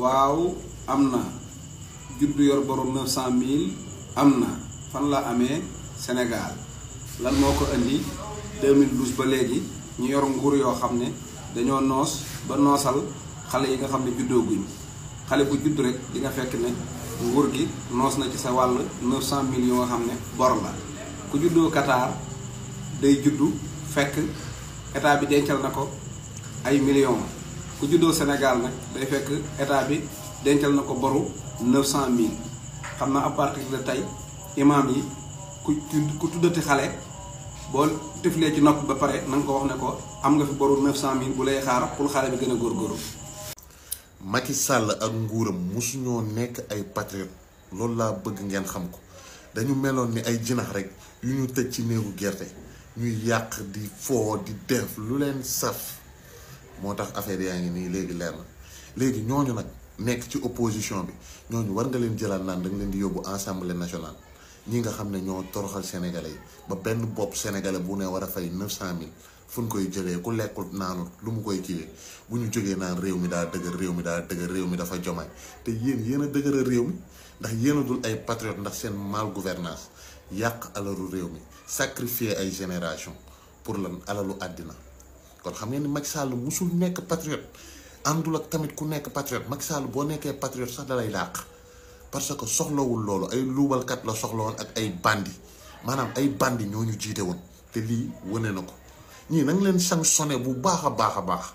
waaw am na juddu yor borom 900000 am na fan la amee Sénégal lan moo ko indi 2012 ba léegi ñu yor nguur yoo xam ne dañoo noos ba noosal xale yi nga xam ne juddooguñ xale bu judd rek di nga fekk ne nguur gi noos na ci sa wàll 900000 yoo nga xam ne bor la ku juddoo Qatar day juddu fekk état bi dencal na ko ay millions. ku juddoo Sénégal nag day fekk état bi dencal na ko boru 900000 xam na à partir tey imaam yi ku ku tuddati xale boo tiflee ci nopp ba pare na ko wax ne ko am nga fi boru 900000 bu lay xaar pour xale bi gën a góorgóorlu. Macky Sall ak nguuram mosuñoo nekk ay patriote loolu laa bëgg ngeen xam ko dañu meloon ni ay jinax rek yu ñu tëj ci néegu gerte ñuy yàq di foo di def lu leen saf. moo tax affaire yaa ngi nii léegi leer na léegi ñooñu nag nekk ci opposition bi ñooñu war nga leen jëlaat naan da leen di yóbbu assemblée national ñi nga xam ne ñoo toroxal sénégalais yi ba benn bopp sénégalais bu ne war a fay 900000 fu ñu koy jëlee ku lekkul naanut lu mu koy kiiwee bu ñu jógee naan réew mi daa dëgër réew mi daa dëgër réew mi dafa jomaay te yéen yéen a dëgëral réew mi ndax yéen ay patriote ndax seen mal gouvernance yàq alalu réew mi sacrifier ay génération pour lan alalu àddina kon xam ngeen ni Macky Sall musul nekk patriote àndul ak tamit ku nekk patriote mag Sall boo nekkee patriote sax dalay dàq parce que soxlawul loolu ay luubalkat la soxlawoon ak ay bandi maanaam ay bandi ñoo ñu jiite woon te lii wane na ko ñii nañ leen sanctionné bu baax a baax a baax.